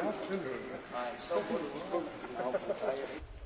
Thank you.